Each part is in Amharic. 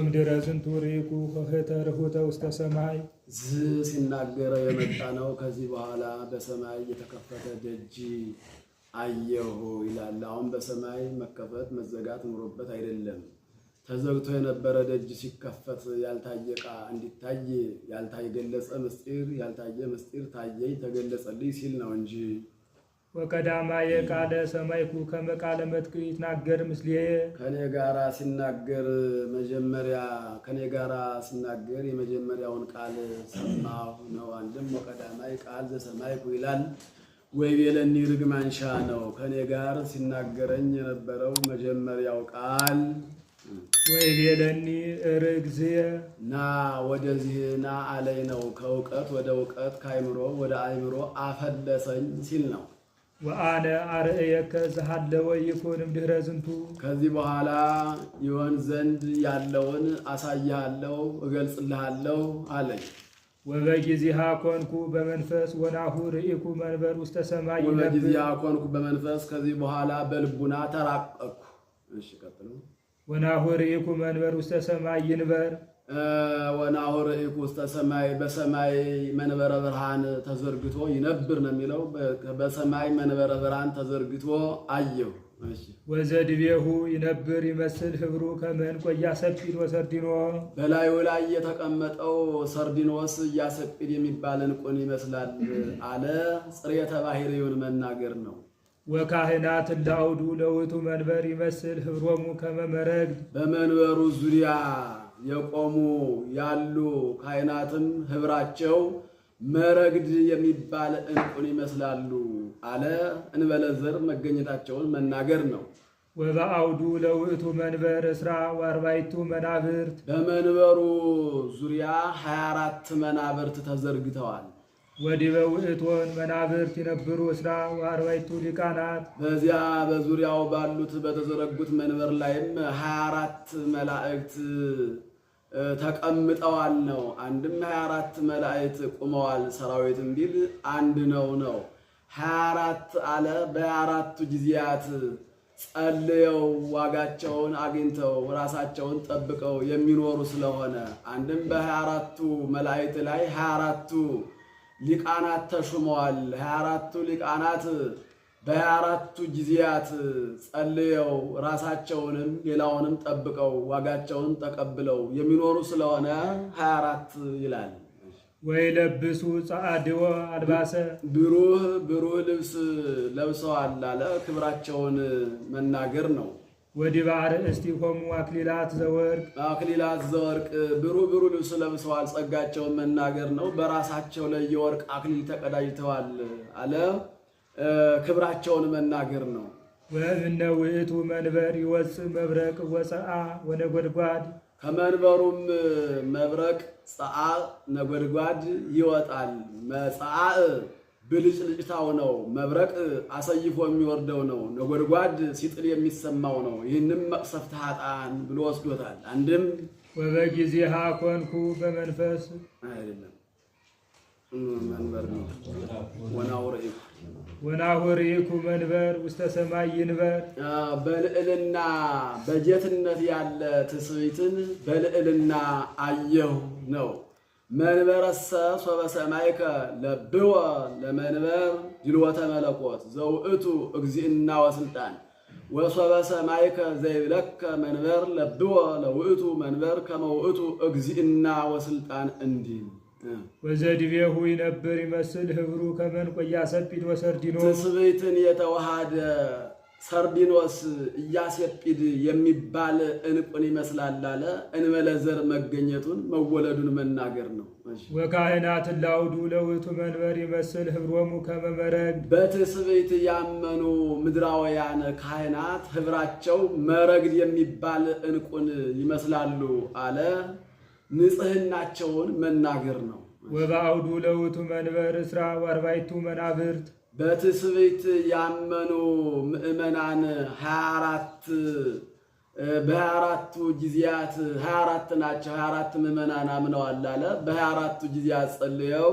እምድረ ዝንቱ ርኢኩ ኆኅተ ውስተ ሰማይ ዝ ሲናገረ የመጣ ነው። ከዚህ በኋላ በሰማይ የተከፈተ ደጅ አየሁ ይላል። አሁን በሰማይ መከፈት መዘጋት ኑሮበት አይደለም። ተዘግቶ የነበረ ደጅ ሲከፈት ያልታየ ዕቃ እንዲታይ ያልታየ ገለጸ ምስጢር ያልታየ ምስጢር ታየኝ ተገለጸልኝ ሲል ነው እንጂ ወቀዳማ የቃለ ሰማይኩ ከመ ቃለ መጥቅዕ ይትናገር ምስሌየ ከኔ ጋራ ሲናገር መጀመሪያ ከኔ ጋራ ሲናገር የመጀመሪያውን ቃል ሰማሁ ነው። አንድም ወቀዳማ ቃል ዘሰማይኩ ይላል። ወይ ቤለኒ ርግም ነው። ከኔ ጋር ሲናገረኝ የነበረው መጀመሪያው ቃል ወይ ቤለኒ ርግዝየ ና ወደዚህ ና አለኝ ነው። ከእውቀት ወደ እውቀት ከአይምሮ ወደ አይምሮ አፈለሰኝ ሲል ነው። ወአነ አርእየከ ዘሃለወ ይኩን እምድኅረ ዝንቱ። ከዚህ በኋላ ይሆን ዘንድ ያለውን አሳያለሁ እገልጽልሃለሁ አለኝ። ወበጊዜሃ ኮንኩ በመንፈስ ወናሁ ርኢኩ መንበር ውስተ ሰማይ። ወበጊዜሃ ኮንኩ በመንፈስ ከዚህ በኋላ በልቡና ተራቀቅኩ። እሺ ቀጥሉ። ወናሁ ርኢኩ መንበር ውስተ ሰማይ ይንበር ወናሁር ርኢኩ ውስተ ሰማይ በሰማይ መንበረ ብርሃን ተዘርግቶ ይነብር ነው የሚለው። በሰማይ መንበረ ብርሃን ተዘርግቶ ወዘድ ወዘድቤሁ ይነብር ይመስል ህብሩ ከመን ቆያ ሰጲድ ወሰርዲኖ በላዩ ላይ የተቀመጠው ሰርዲኖስ እያሰጲድ የሚባል እንቁን ይመስላል አለ። ጽሬተ ባህሪውን መናገር ነው። ወካህናት እንዳውዱ ለውቱ መንበር ይመስል ህብሮሙ ከመመረግድ በመንበሩ ዙሪያ የቆሙ ያሉ ካህናትም ህብራቸው መረግድ የሚባል እንቁን ይመስላሉ አለ እንበለዘር መገኘታቸውን መናገር ነው። ወበአውዱ ለውእቱ መንበር እስራ ወአርባይቱ መናብርት በመንበሩ ዙሪያ 24 መናብርት ተዘርግተዋል። ወዲበ ውእቶን መናብርት የነበሩ እስራ ወአርባይቱ ሊቃናት በዚያ በዙሪያው ባሉት በተዘረጉት መንበር ላይም 24 መላእክት ተቀምጠዋል ነው። አንድም 24 መላእክት ቁመዋል ሰራዊትም ቢል አንድ ነው ነው 24 አለ። በአራቱ ጊዜያት ጸልየው ዋጋቸውን አግኝተው ራሳቸውን ጠብቀው የሚኖሩ ስለሆነ አንድም በ24ቱ መላእክት ላይ 24ቱ ሊቃናት ተሹመዋል። 24ቱ ሊቃናት በአራቱ ጊዜያት ጸልየው ራሳቸውንም ሌላውንም ጠብቀው ዋጋቸውን ተቀብለው የሚኖሩ ስለሆነ 24 ይላል። ወይ ለብሱ ጸአድወ አልባሰ ብሩህ ብሩህ ልብስ ለብሰዋል አለ። ክብራቸውን መናገር ነው። ወዲበ ሆሙ አክሊላት ዘወርቅ አክሊላት ዘወርቅ ብሩህ ብሩህ ልብስ ለብሰዋል፣ ጸጋቸውን መናገር ነው። በራሳቸው ላይ የወርቅ አክሊል ተቀዳጅተዋል አለ ክብራቸውን መናገር ነው። ወእብነ ውእቱ መንበር ይወፅእ መብረቅ ወፀአ ወነጎድጓድ ከመንበሩም መብረቅ ፀአ ነጎድጓድ ይወጣል። መፀአ ብልጭልጭታው ነው። መብረቅ አሰይፎ የሚወርደው ነው። ነጎድጓድ ሲጥል የሚሰማው ነው። ይህንም መቅሰፍተ ኃጥአን ብሎ ወስዶታል። አንድም ወበጊዜሃ ኮንኩ በመንፈስ አይደለም መንበር ነው። ወናውርኢኩ ወናውርኢኩ መንበር ውስተ ሰማይ ይንበር በልዕልና በጌትነት ያለ ትስብእትን በልዕልና አየሁ ነው። መንበረሰ ሶበ ሰማይከ ለብወ ለመንበር ድልወተ መለኮት ዘውእቱ እግዚእና ወስልጣን ወሶበ ሰማይከ ዘይብለከ መንበር ለብወ ለውእቱ መንበር ከመውእቱ እግዚእና ወስልጣን እንዲል ወዘድቤሁ ይነብር ይመስል ህብሩ ከመንቆ ኢያሰጲድ ወሰርዲኖስ ትስብእትን የተዋሃደ ሰርዲኖስ እያሴጲድ የሚባል እንቁን ይመስላል አለ። እንመለዘር መገኘቱን መወለዱን መናገር ነው። ወካህናትን ላውዱ ለውቱ መንበር ይመስል ህብሮሙ ከመመረግ በትስብእት ያመኑ ምድራውያን ካህናት ህብራቸው መረግድ የሚባል እንቁን ይመስላሉ አለ። ንጽህናቸውን መናገር ነው። ወበአውዱ ለውቱ መንበር እስራ ወአርባዕቱ መናብርት በትስብእት ያመኑ ምእመናን 24 በ 24 ጊዜያት 24 ናቸው። 24 ምእመናን አምነዋል አለ። 24 ጊዜያት ጸልየው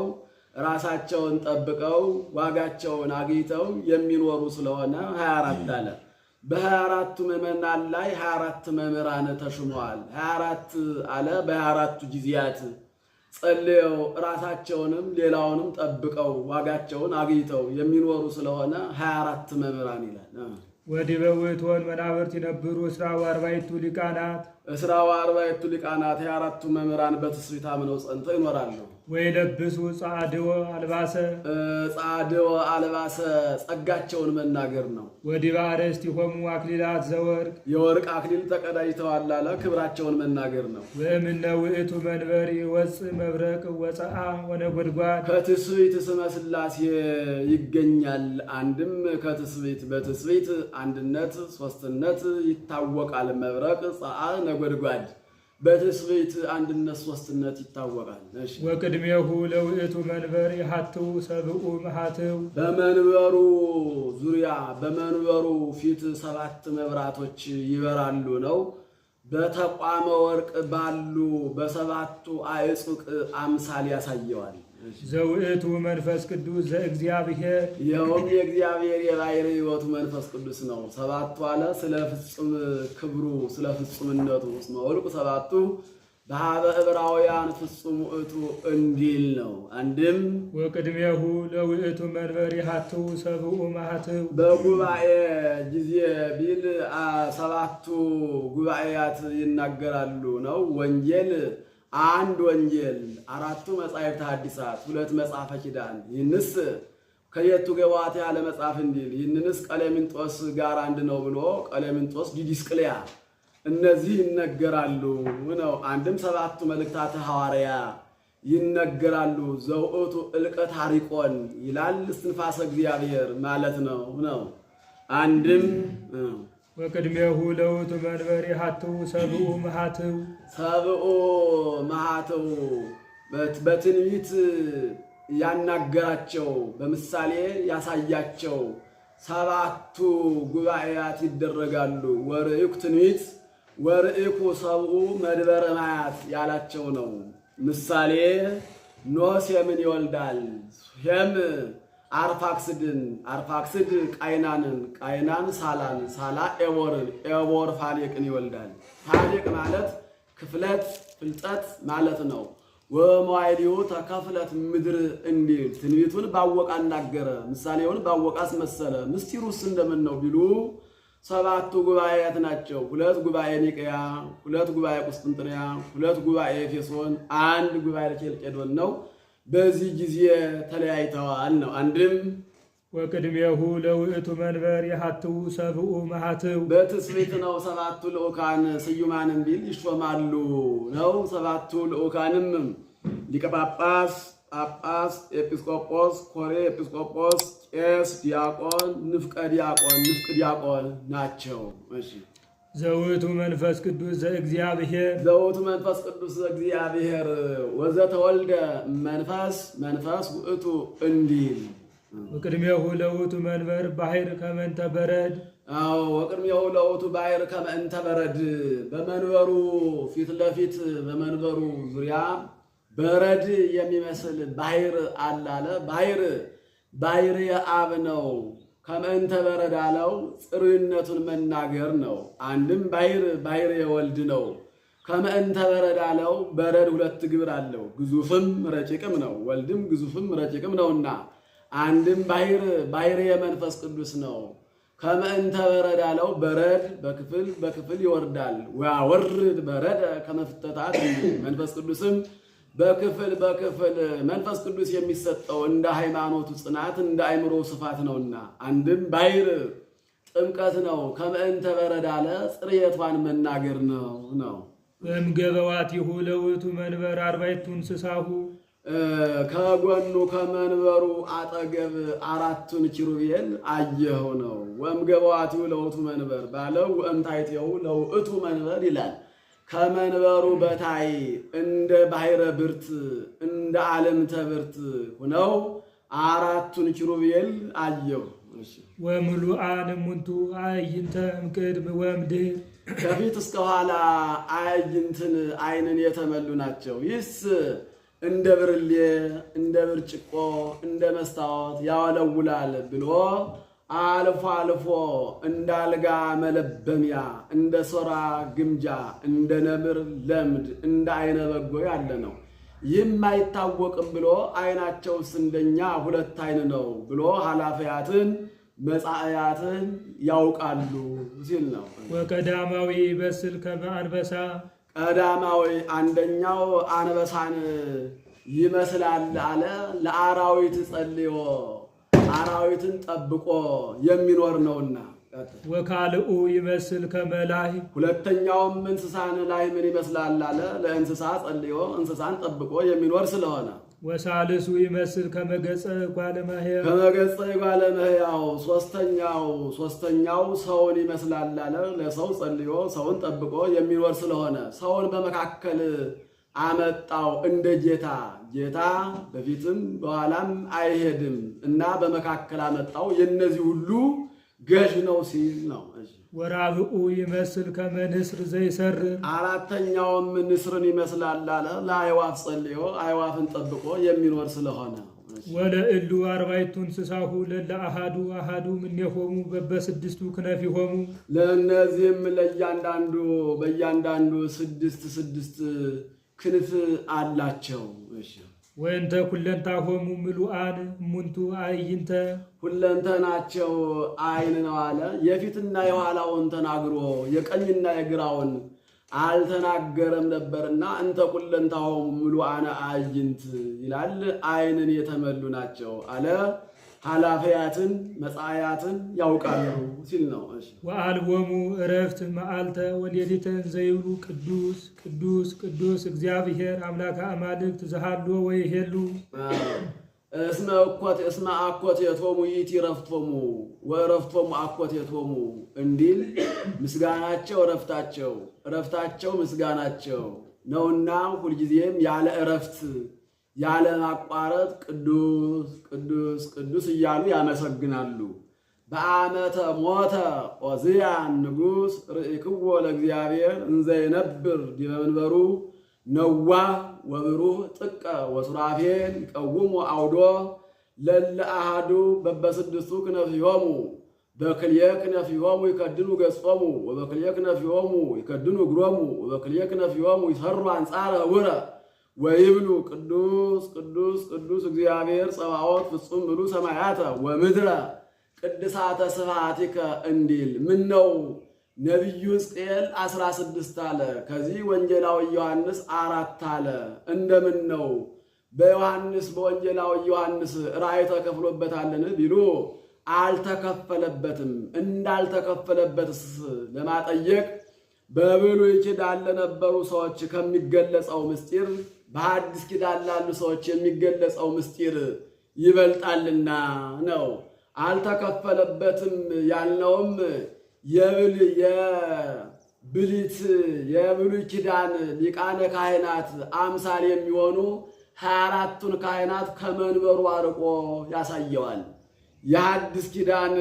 ራሳቸውን ጠብቀው ዋጋቸውን አግኝተው የሚኖሩ ስለሆነ 24 አለ። በ24ቱ ምዕመናን ላይ 24 መምህራን ተሹመዋል። 24 አለ። በ24ቱ ጊዜያት ጸልየው ራሳቸውንም ሌላውንም ጠብቀው ዋጋቸውን አግኝተው የሚኖሩ ስለሆነ 24 መምህራን ይላል። ወዲህ በውእቶን መናብርት ይነብሩ እስራ ወአርባዕቱ ሊቃናት እስራ ወአርባዕቱ ሊቃናት 24ቱ መምህራን በትስብእት አምነው ጸንተው ይኖራሉ። ወይለብሱ ጻድወ አልባሰ ጻድወ አልባሰ ጸጋቸውን መናገር ነው። ወዲበ አርእስቲሆሙ አክሊላት ዘወርቅ የወርቅ አክሊል ተቀዳጅተዋል አለ ክብራቸውን መናገር ነው። ወእምነ ውእቱ መንበር ወፅእ መብረቅ ወፀአ ወነጎድጓድ ከትስብእት ስመ ሥላሴ ይገኛል። አንድም ከትስብእት በትስብእት አንድነት ሶስትነት ይታወቃል። መብረቅ ፀአ ነጎድጓድ በትስብእት አንድነት ሶስትነት ይታወቃል። ወቅድሜሁ ለውእቱ መንበር ሀትው ሰብኡ መሀትው በመንበሩ ዙሪያ በመንበሩ ፊት ሰባት መብራቶች ይበራሉ ነው በተቋመ ወርቅ ባሉ በሰባቱ አዕጹቅ አምሳል ያሳየዋል። ዘውእቱ መንፈስ ቅዱስ ዘእግዚአብሔር ይኸውም የእግዚአብሔር የባሕርይ ሕይወቱ መንፈስ ቅዱስ ነው። ሰባቱ አለ ስለ ፍጹም ክብሩ ስለ ፍጹምነቱ ውስጥ መወልቁ ሰባቱ በሀበ ዕብራውያን ፍጹም ውእቱ እንዲል ነው። አንድም ወቅድሜሁ ለውእቱ መንበሪ ሀቱ ሰብኡ ማህትው በጉባኤ ጊዜ ቢል ሰባቱ ጉባኤያት ይናገራሉ ነው። ወንጌል አንድ ወንጌል፣ አራቱ መጻሕፍተ ሐዲሳት፣ ሁለት መጽሐፈ ኪዳን። ይህንስ ከየቱ ገባቴ ያለ መጽሐፍ እንዲል ይህንንስ ቀሌምንጦስ ጋር አንድ ነው ብሎ ቀሌምንጦስ ዲዲስቅልያ እነዚህ ይነገራሉ ነው። አንድም ሰባቱ መልእክታት ሐዋርያ ይነገራሉ ዘውእቱ እልቀ ታሪቆን ይላል እስትንፋሰ እግዚአብሔር ማለት ነው ነው። አንድም ወቅድሜሁ ለውቱ መንበሪ ሀትው ሰብኡ መሃትው ሰብኡ መሃትው በትንቢት ያናገራቸው በምሳሌ ያሳያቸው ሰባቱ ጉባኤያት ይደረጋሉ ወርዩክ ትንቢት ወርእኩ ሰብኡ መድበረ ማያት ያላቸው ነው። ምሳሌ ኖህ ሴምን ይወልዳል። ሴም አርፋክስድን፣ አርፋክስድ ቃይናንን፣ ቃይናን ሳላን፣ ሳላ ኤቦርን፣ ኤቦር ፋሌቅን ይወልዳል። ፋሌቅ ማለት ክፍለት ፍልጠት ማለት ነው። ወመዋዕሊሁ ተከፍለት ምድር እንዲል ትንቢቱን ባወቃ እናገረ ምሳሌውን ባወቃ አስመሰለ። ምስጢሩስ እንደምን ነው ቢሉ ሰባቱ ጉባኤያት ናቸው። ሁለት ጉባኤ ኒቅያ፣ ሁለት ጉባኤ ቁስጥንጥንያ፣ ሁለት ጉባኤ ኤፌሶን፣ አንድ ጉባኤ ኬልቄዶን ነው። በዚህ ጊዜ ተለያይተዋል ነው። አንድም ወቅድሜሁ ለውእቱ መንበር የሀትው ሰብኡ መሀትው በትስብእት ነው። ሰባቱ ልኡካን ስዩማንም ቢል ይሾማሉ ነው። ሰባቱ ልኡካንም ሊቀ ጳጳስ ጳጳስ፣ ኤጲስቆጶስ፣ ኮሬ ኤጲስቆጶስ፣ ቄስ፣ ዲያቆን፣ ንፍቀ ዲያቆን፣ ንፍቅ ዲያቆን ናቸው። እሺ ዘውቱ መንፈስ ቅዱስ እግዚአብሔር ዘውቱ መንፈስ ቅዱስ እግዚአብሔር ወዘተወልደ መንፈስ መንፈስ ውእቱ እንዲል ወቅድሜሁ ለውቱ መንበር ባህር ከመንተ በረድ። አዎ ወቅድሜሁ ለውቱ ባህር ከመንተ በረድ በመንበሩ ፊት ለፊት በመንበሩ ዙሪያ በረድ የሚመስል ባሕር አለ አለ። ባሕር ባሕር የአብ ነው። ከመእንተ በረድ አለው ጽሩይነቱን መናገር ነው። አንድም ባሕር ባሕር የወልድ ነው። ከመእንተ በረድ አለው። በረድ ሁለት ግብር አለው፣ ግዙፍም ረጭቅም ነው። ወልድም ግዙፍም ረጭቅም ነውና አንድም ባሕር ባሕር የመንፈስ ቅዱስ ነው። ከመእንተ በረድ አለው። በረድ በክፍል በክፍል ይወርዳል። ወያወርድ በረድ ከመፍተታት መንፈስ ቅዱስም በክፍል በክፍል መንፈስ ቅዱስ የሚሰጠው እንደ ሃይማኖቱ ጽናት እንደ አይምሮ ስፋት ነውና፣ አንድም ባይር ጥምቀት ነው። ከመእንተ በረድ አለ ጽርየቷን መናገር ነው ነው እምገበዋቲሁ ለውእቱ መንበር አርባይቱ እንስሳሁ ከጎኑ ከመንበሩ አጠገብ አራቱን ኪሩቤል አየኸው ነው። ወእምገበዋቲሁ ለውእቱ መንበር ባለው ወእምታይቴው ለውእቱ መንበር ይላል። ከመንበሩ በታይ እንደ ባሕረ ብርት እንደ ዓለም ብርት ሆነው አራቱን ኪሩቤል አየሁ። ወምሉአን አንሙንቱ አዕይንተ እምቅድም ወምድኅር ከፊት እስከ ኋላ አዕይንትን የተመሉ ናቸው። ይህስ እንደ ብርሌ እንደ ብርጭቆ እንደ መስታወት ያወለውላል ብሎ አልፎ አልፎ እንደ አልጋ መለበሚያ እንደ ሶራ ግምጃ እንደ ነብር ለምድ እንደ አይነ በጎ ያለ ነው። ይህም አይታወቅም ብሎ አይናቸውስ እንደኛ ሁለት አይን ነው ብሎ ኃላፊያትን መጻእያትን ያውቃሉ ሲል ነው። ወቀዳማዊ በስል ከመ ቀዳማዊ አንደኛው አንበሳን ይመስላል አለ ለአራዊት ጸልዮ አራዊትን ጠብቆ የሚኖር ነውና ወካልኡ ይመስል ከመላይ ሁለተኛውም እንስሳን ላይ ምን ይመስላል አለ ለእንስሳ ጸልዮ እንስሳን ጠብቆ የሚኖር ስለሆነ ወሳልሱ ይመስል ከመገጸ ጓለመህያው ከመገጸ ጓለመህያው ሶስተኛው ሶስተኛው ሰውን ይመስላል አለ ለሰው ጸልዮ ሰውን ጠብቆ የሚኖር ስለሆነ ሰውን በመካከል አመጣው እንደ ጌታ ጌታ በፊትም በኋላም አይሄድም እና በመካከል አመጣው የነዚህ ሁሉ ገዥ ነው ሲል ነው። ወራብኡ ይመስል ከመንስር ዘይሰር አራተኛውም ንስርን ይመስላል አለ። ለአይዋፍ ጸልዮ አይዋፍን ጠብቆ የሚኖር ስለሆነ ወለእሉ አርባይቱ እንስሳሁ ለለ አሃዱ አሃዱ እምኔሆሙ በበስድስቱ ክነፊሆሙ ለእነዚህም ለእያንዳንዱ በእያንዳንዱ ስድስት ስድስት ክንፍ አላቸው። ወእንተ ሁለንታሆሙ ምሉአን እሙንቱ አዕይንተ ሁለንተናቸው አይን ነው አለ። የፊትና የኋላውን ተናግሮ የቀኝና የግራውን አልተናገረም ነበርና እንተ ሁለንታሆሙ ምሉአን አእይንት ይላል። አይንን የተመሉ ናቸው አለ። ኃላፊያትን መጻያትን ያውቃሉ ሲል ነው። ወአልቦሙ እረፍት መዓልተ ወሌሊተ ዘይብሉ ቅዱስ ቅዱስ ቅዱስ እግዚአብሔር አምላከ አማልክት ዘሃሎ ወይሄሉ እስመ እኮት እስመ አኮቴቶሙ ይእቲ እረፍቶሙ ወእረፍቶሙ አኮቴቶሙ እንዲል ምስጋናቸው እረፍታቸው እረፍታቸው ምስጋናቸው ነውና ሁልጊዜም ያለ እረፍት ያለ ቅዱስ ቅዱስ ቅዱስ እያሉ ያመሰግናሉ። በአመተ ሞተ ዖዝያን ንጉሥ ርእይክዎ ለእግዚአብሔር እንዘ ይነብር ዲበ መንበሩ ነዋህ ወብሩህ ጥቀ ወሱራፌል ይቀውሞ አውዶ ለለ አሃዱ በበስድስቱ ክነፍዮሙ በክልየ ክነፍዮሙ ይከድኑ ገጾሙ ወበክልየ ክነፍዮሙ ይከድኑ እግሮሙ ወበክልየ ክነፍዮሙ ይሰሩ አንጻረ ውረ ወይብሉ ቅዱስ ቅዱስ ቅዱስ እግዚአብሔር ጸባዖት ፍጹም ብሉ ሰማያተ ወምድረ ቅድሳተ ስብሐቲከ እንዲል ምን ነው ነቢዩ ሕዝቅኤል 16 አለ። ከዚህ ወንጌላዊ ዮሐንስ አራት አለ። እንደምን ነው በዮሐንስ በወንጌላዊ ዮሐንስ ራእይ ተከፍሎበታልን ቢሉ አልተከፈለበትም። እንዳልተከፈለበትስ ለማጠየቅ በብሉይ ኪዳን ለነበሩ ሰዎች ከሚገለጸው ምስጢር በአዲስ ኪዳን ላሉ ሰዎች የሚገለጸው ምስጢር ይበልጣልና ነው። አልተከፈለበትም ያልነውም የብሊት የብሉይ ኪዳን ሊቃነ ካህናት አምሳል የሚሆኑ ሀያ አራቱን ካህናት ከመንበሩ አርቆ ያሳየዋል። የአዲስ ኪዳን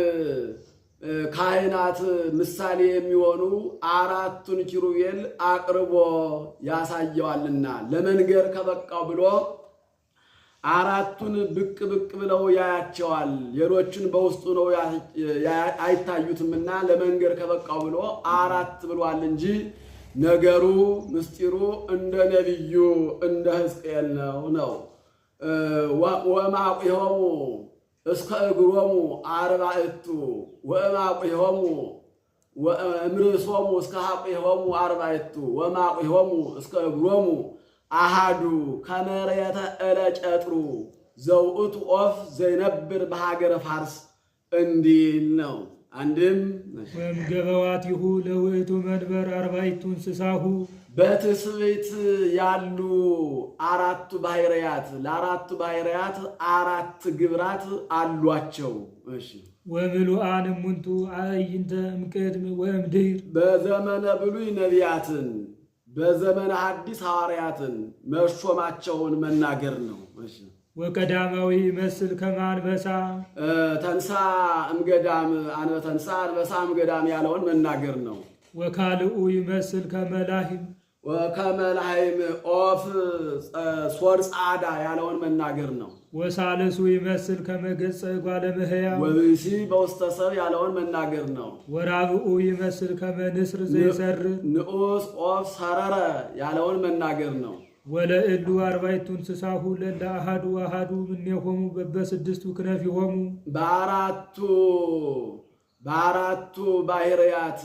ካህናት ምሳሌ የሚሆኑ አራቱን ኪሩቤል አቅርቦ ያሳየዋልና ለመንገር ከበቃው ብሎ አራቱን ብቅ ብቅ ብለው ያያቸዋል። ሌሎቹን በውስጡ ነው አይታዩትምና ለመንገር ከበቃው ብሎ አራት ብሏል እንጂ ነገሩ ምስጢሩ እንደ ነቢዩ እንደ ሕዝቅኤል ነው ነው ወማቁ እስከ እግሮሙ አርባዕቱ ወእማቁሆሙ ወእምርሶሙ እስከ ሀቁሆሙ አርባዕቱ ወማቁሆሙ እስከ እግሮሙ አሃዱ ከመሬተ እለ ጨጥሩ ዘውእቱ ኦፍ ዘይነብር በሀገረ ፋርስ እንዲል ነው። አንድም ወእምገበዋቲሁ ለውእቱ መንበር አርባይቱ እንስሳሁ በትስብእት ያሉ አራቱ ባህርያት ለአራቱ ባህርያት አራት ግብራት አሏቸው። እሺ ወምሉአን እሙንቱ አዕይንተ እምቅድም ወእምድኅር በዘመነ ብሉይ ነቢያትን በዘመነ ሐዲስ ሐዋርያትን መሾማቸውን መናገር ነው። እሺ ወቀዳማዊ ይመስል ከማንበሳ ተንሳ እምገዳም ተንሳ አንበሳ እምገዳም ያለውን መናገር ነው። ወካልኡ ይመስል ከመላሂም ከመላሂም ኦፍ ሶር ጻዳ ያለውን መናገር ነው። ወሳልሱ ይመስል ከመገጸ እጓለ መህያ ወብእሲ በውስተ ሰብ ያለውን መናገር ነው። ወራብኡ ይመስል ከመንስር ዘይሰር ንዑስ ኦፍ ሰረረ ያለውን መናገር ነው። ወለእሉ አርባይቱ እንስሳ ሁለን ለአሃዱ አሃዱ እምኔሆሙ በበስድስቱ ክነፊሆሙ በአራቱ በአራቱ ባህርያት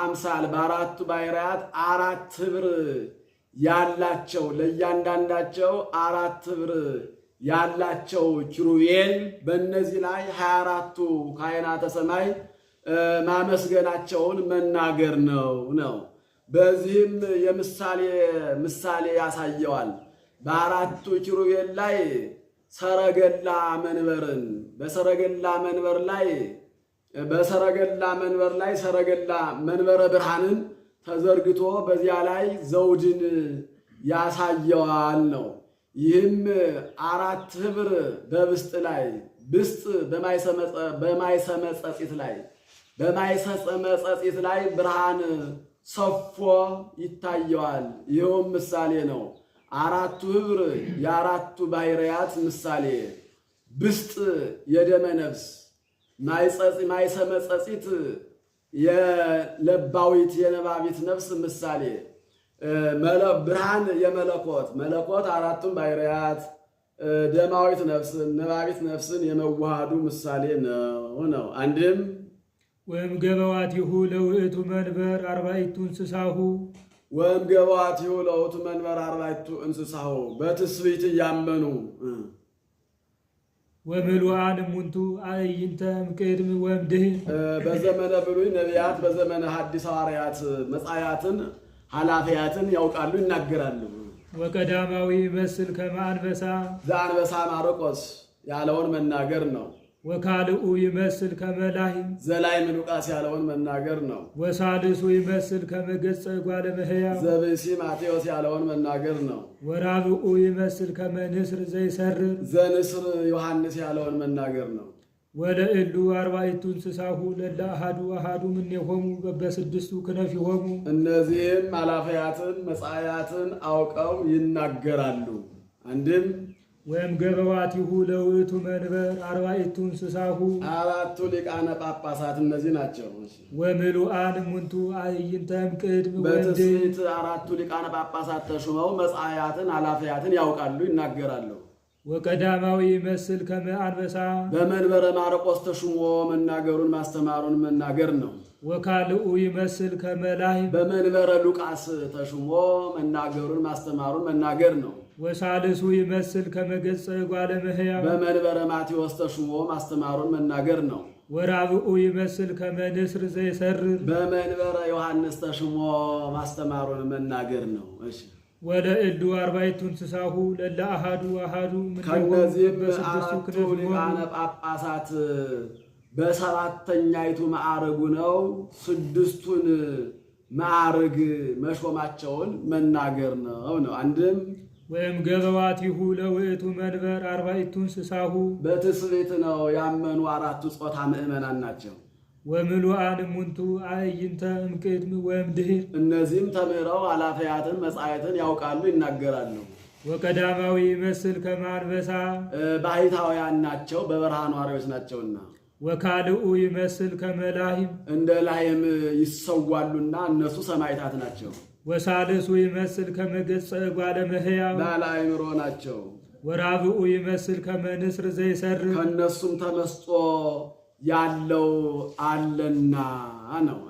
አምሳል በአራቱ ባህርያት አራት ህብር ያላቸው ለእያንዳንዳቸው አራት ህብር ያላቸው ኪሩቤል በእነዚህ ላይ ሀያ አራቱ ካህናተ ሰማይ ማመስገናቸውን መናገር ነው ነው በዚህም የምሳሌ ምሳሌ ያሳየዋል። በአራቱ ኪሩቤል ላይ ሰረገላ መንበርን በሰረገላ መንበር ላይ በሰረገላ መንበር ላይ ሰረገላ መንበረ ብርሃንን ተዘርግቶ በዚያ ላይ ዘውድን ያሳየዋል ነው። ይህም አራት ህብር በብስጥ ላይ ብስጥ በማይሰመጸ በማይሰመፀ ፂት ላይ በማይሰመፀ ፂት ላይ ብርሃን ሰፎ ይታየዋል። ይኸውም ምሳሌ ነው። አራቱ ህብር የአራቱ ባህርያት ምሳሌ ብስጥ የደመ ነፍስ ማይሰመጸጺት የለባዊት የነባቢት ነፍስ ምሳሌ ብርሃን የመለኮት መለኮት አራቱን ባህርያት ደማዊት ነፍስን ነባቢት ነፍስን የመዋሃዱ ምሳሌ ነው ነው አንድም ወም ገበዋቲሁ ለውእቱ መንበር አርባዕቱ እንስሳሁ ወም ገበዋቲሁ ለውእቱ መንበር አርባዕቱ እንስሳሁ በትስብእት እያመኑ ወምሉአን እሙንቱ አዕይንተ እምቅድም ወእምድኅን በዘመነ ብሉይ ነቢያት በዘመነ ሐዲስ ሐዋርያት መጻሕያትን ኃላፊያትን ያውቃሉ ይናገራሉ። ወቀዳማዊ መስል ከመ አንበሳ ዘአንበሳ ማርቆስ ያለውን መናገር ነው። ወካልኡ ይመስል ከመላይ ዘላይም ምሉቃስ ያለውን መናገር ነው። ወሳልሱ ይመስል ከመገጸ ጓለ መሕያ ዘብእሲ ማቴዎስ ያለውን መናገር ነው። ወራብኡ ይመስል ከመንስር ዘይሰርር ዘንስር ዮሐንስ ያለውን መናገር ነው። ወለእሉ አርባዕቱ እንስሳሁ ለእለ አሐዱ አሐዱ እምኔሆሙ በበስድስቱ ክነፊሆሙ እነዚህም አላፈያትን መጻያትን አውቀው ይናገራሉ። አንድም ወይም ገበዋቲሁ ለውእቱ መንበር አርባዕቱ እንስሳሁ አራቱ ሊቃነ ጳጳሳት እነዚህ ናቸው። ወምሉአን ሙንቱ አዕይንተም ቅድም በትስት አራቱ ሊቃነ ጳጳሳት ተሹመው መጽሐያትን ኃላፊያትን ያውቃሉ፣ ይናገራሉ። ወቀዳማዊ መስል ከመ አንበሳ በመንበረ ማርቆስ ተሹሞ መናገሩን ማስተማሩን መናገር ነው። ወካልኡ ይመስል ከመላይ በመንበረ ሉቃስ ተሹሞ መናገሩን ማስተማሩን መናገር ነው። ወሳልሱ ይመስል ከመገጸ ጓለ መሕያው በመንበረ ማቴዎስ ተሹሞ ማስተማሩን መናገር ነው። ወራብኡ ይመስል ከመንስር ዘይሰርር በመንበረ ዮሐንስ ተሹሞ ማስተማሩን መናገር ነው። እሺ ወለእሉ አርባዕቱ እንስሳሁ ለእለ አሃዱ አሐዱ ከእነዚህም አራቱ ሊቃነ ጳጳሳት በሰባተኛይቱ ማዕረጉ ነው ስድስቱን ማዕረግ መሾማቸውን መናገር ነው ነው አንድም ወይም ይሁ ለውእቱ መንበር አርባይቱ እንስሳሁ በትስብእት ነው ያመኑ አራቱ ጾታ ምእመናን ናቸው። ወምሉአን እሙንቱ አእይንተ እምቅድም ወይም ድህር እነዚህም ተምረው አላፈያትን መጻየትን ያውቃሉ፣ ይናገራሉ። ወቀዳማዊ ይመስል ከማንበሳ ባህታውያን ናቸው፣ በበረሃ ነዋሪዎች ናቸውና ወካልኡ ይመስል ከመላሂም እንደ ላሂም ይሰዋሉና እነሱ ሰማዕታት ናቸው። ወሳልሱ ይመስል ከመገጸ ጓለ መህያው ባለ አይምሮ ናቸው። ወራብኡ ይመስል ከመንስር ዘይሰር ከእነሱም ተመስጦ ያለው አለና ነው።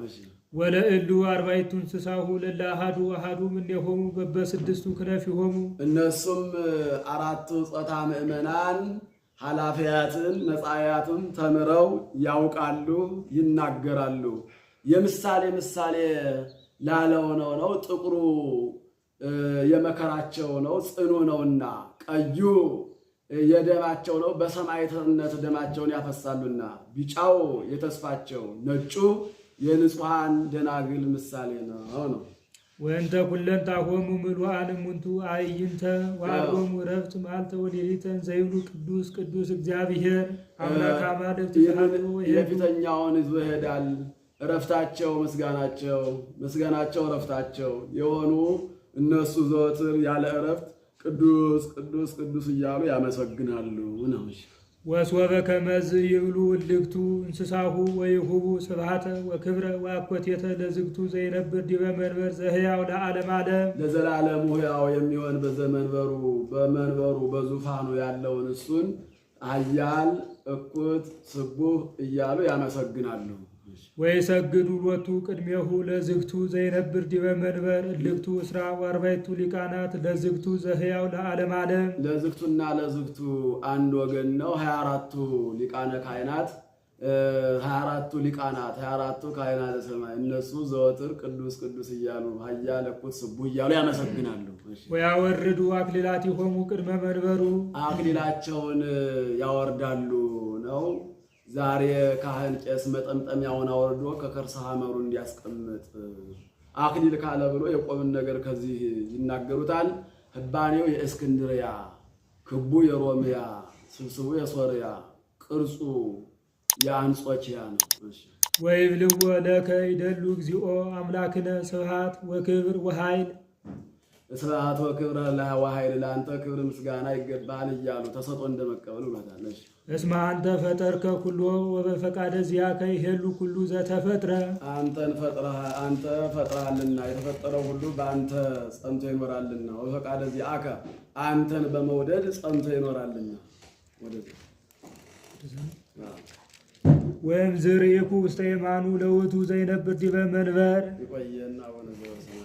ወለእሉ አርባይቱ እንስሳሁ ለለ አሃዱ አሃዱ እምኔሆሙ በበስድስቱ ክነፊሆሙ እነሱም አራቱ ጾታ ምእመናን ኃላፊያትን መጻያትን ተምረው ያውቃሉ፣ ይናገራሉ። የምሳሌ ምሳሌ ላለው ነው ነው ጥቁሩ የመከራቸው ነው ጽኑ ነውና፣ ቀዩ የደማቸው ነው በሰማዕትነት ደማቸውን ያፈሳሉና፣ ቢጫው የተስፋቸው፣ ነጩ የንጹሐን ደናግል ምሳሌ ነው ነው ወእንተ ኩለንታሆሙ ምሉአን እሙንቱ አዕይንተ ወአልቦሙ ዕረፍት መዓልተ ወሌሊተ ዘይብሉ ቅዱስ ቅዱስ እግዚአብሔር አምላክ አማልክት የፊተኛውን ይዞ ይሄዳል። እረፍታቸው ምስጋናቸው ምስጋናቸው እረፍታቸው የሆኑ እነሱ ዘወትር ያለ እረፍት ቅዱስ ቅዱስ ቅዱስ እያሉ ያመሰግናሉ ነው። ወስወበ ከመዝ ይብሉ ልግቱ እንስሳሁ ወይሁቡ ስብሐተ ወክብረ ወአኮቴተ ለዝግቱ ዘይነብር ዲበ መንበር ዘህያው ለዓለም ዓለም ለዘላለሙ ሕያው የሚሆን በዘመንበሩ በመንበሩ በዙፋኑ ያለውን እሱን አያል እኩት ስቡህ እያሉ ያመሰግናሉ። ወይሰግዱ ሎቱ ቅድሜሁ ለዝግቱ ዘይነብር ዲበ መንበር እልክቱ እስራ ወአርባዕቱ ሊቃናት ለዝግቱ ዘህያው ለዓለም ዓለም። ለዝግቱና ለዝግቱ አንድ ወገን ነው። ሊቃነ ካህናት 24 ሊቃናት 24ቱ ካህናተ ሰማይ እነሱ ዘወትር ቅዱስ ቅዱስ እያሉ ሀያ ለኩት ስቡ እያሉ ያመሰግናሉ። ወያወርዱ አክሊላቲሆሙ ቅድመ መንበሩ አክሊላቸውን ያወርዳሉ ነው ዛሬ ካህን ቄስ መጠምጠሚያውን አወርዶ ከከርሰ ሐመሩ እንዲያስቀምጥ አክሊል ካለ ብሎ የቆምን ነገር ከዚህ ይናገሩታል። ህባኔው የእስክንድርያ ክቡ የሮሚያ ስብስቡ የሶርያ ቅርጹ የአንጾኪያ ነው። ወይብልዎ ለከ ይደሉ እግዚኦ አምላክነ ስብሐት ወክብር ወኃይል ስብሐት ወክብር ወኃይል ለአንተ ክብር ምስጋና ይገባል እያሉ ተሰጦ እንደመቀበል ብለታለች። እስመ አንተ ፈጠርከ ኩሎ ወበፈቃደ ዚአከ ይሄሉ ኩሉ ዘተፈጥረ። አንተን ፈጥረህ አንተ ፈጥረሃልና የተፈጠረው ሁሉ በአንተ ጸንቶ ይኖራልና ወበፈቃደ ዚአከ አንተን በመውደድ ጸንቶ ይኖራልና። ወደዚህ ወይም ዝርኢኩ ውስተ የማኑ ለውቱ ዘይነብር ዲበ መንበር ይቆየና ወነ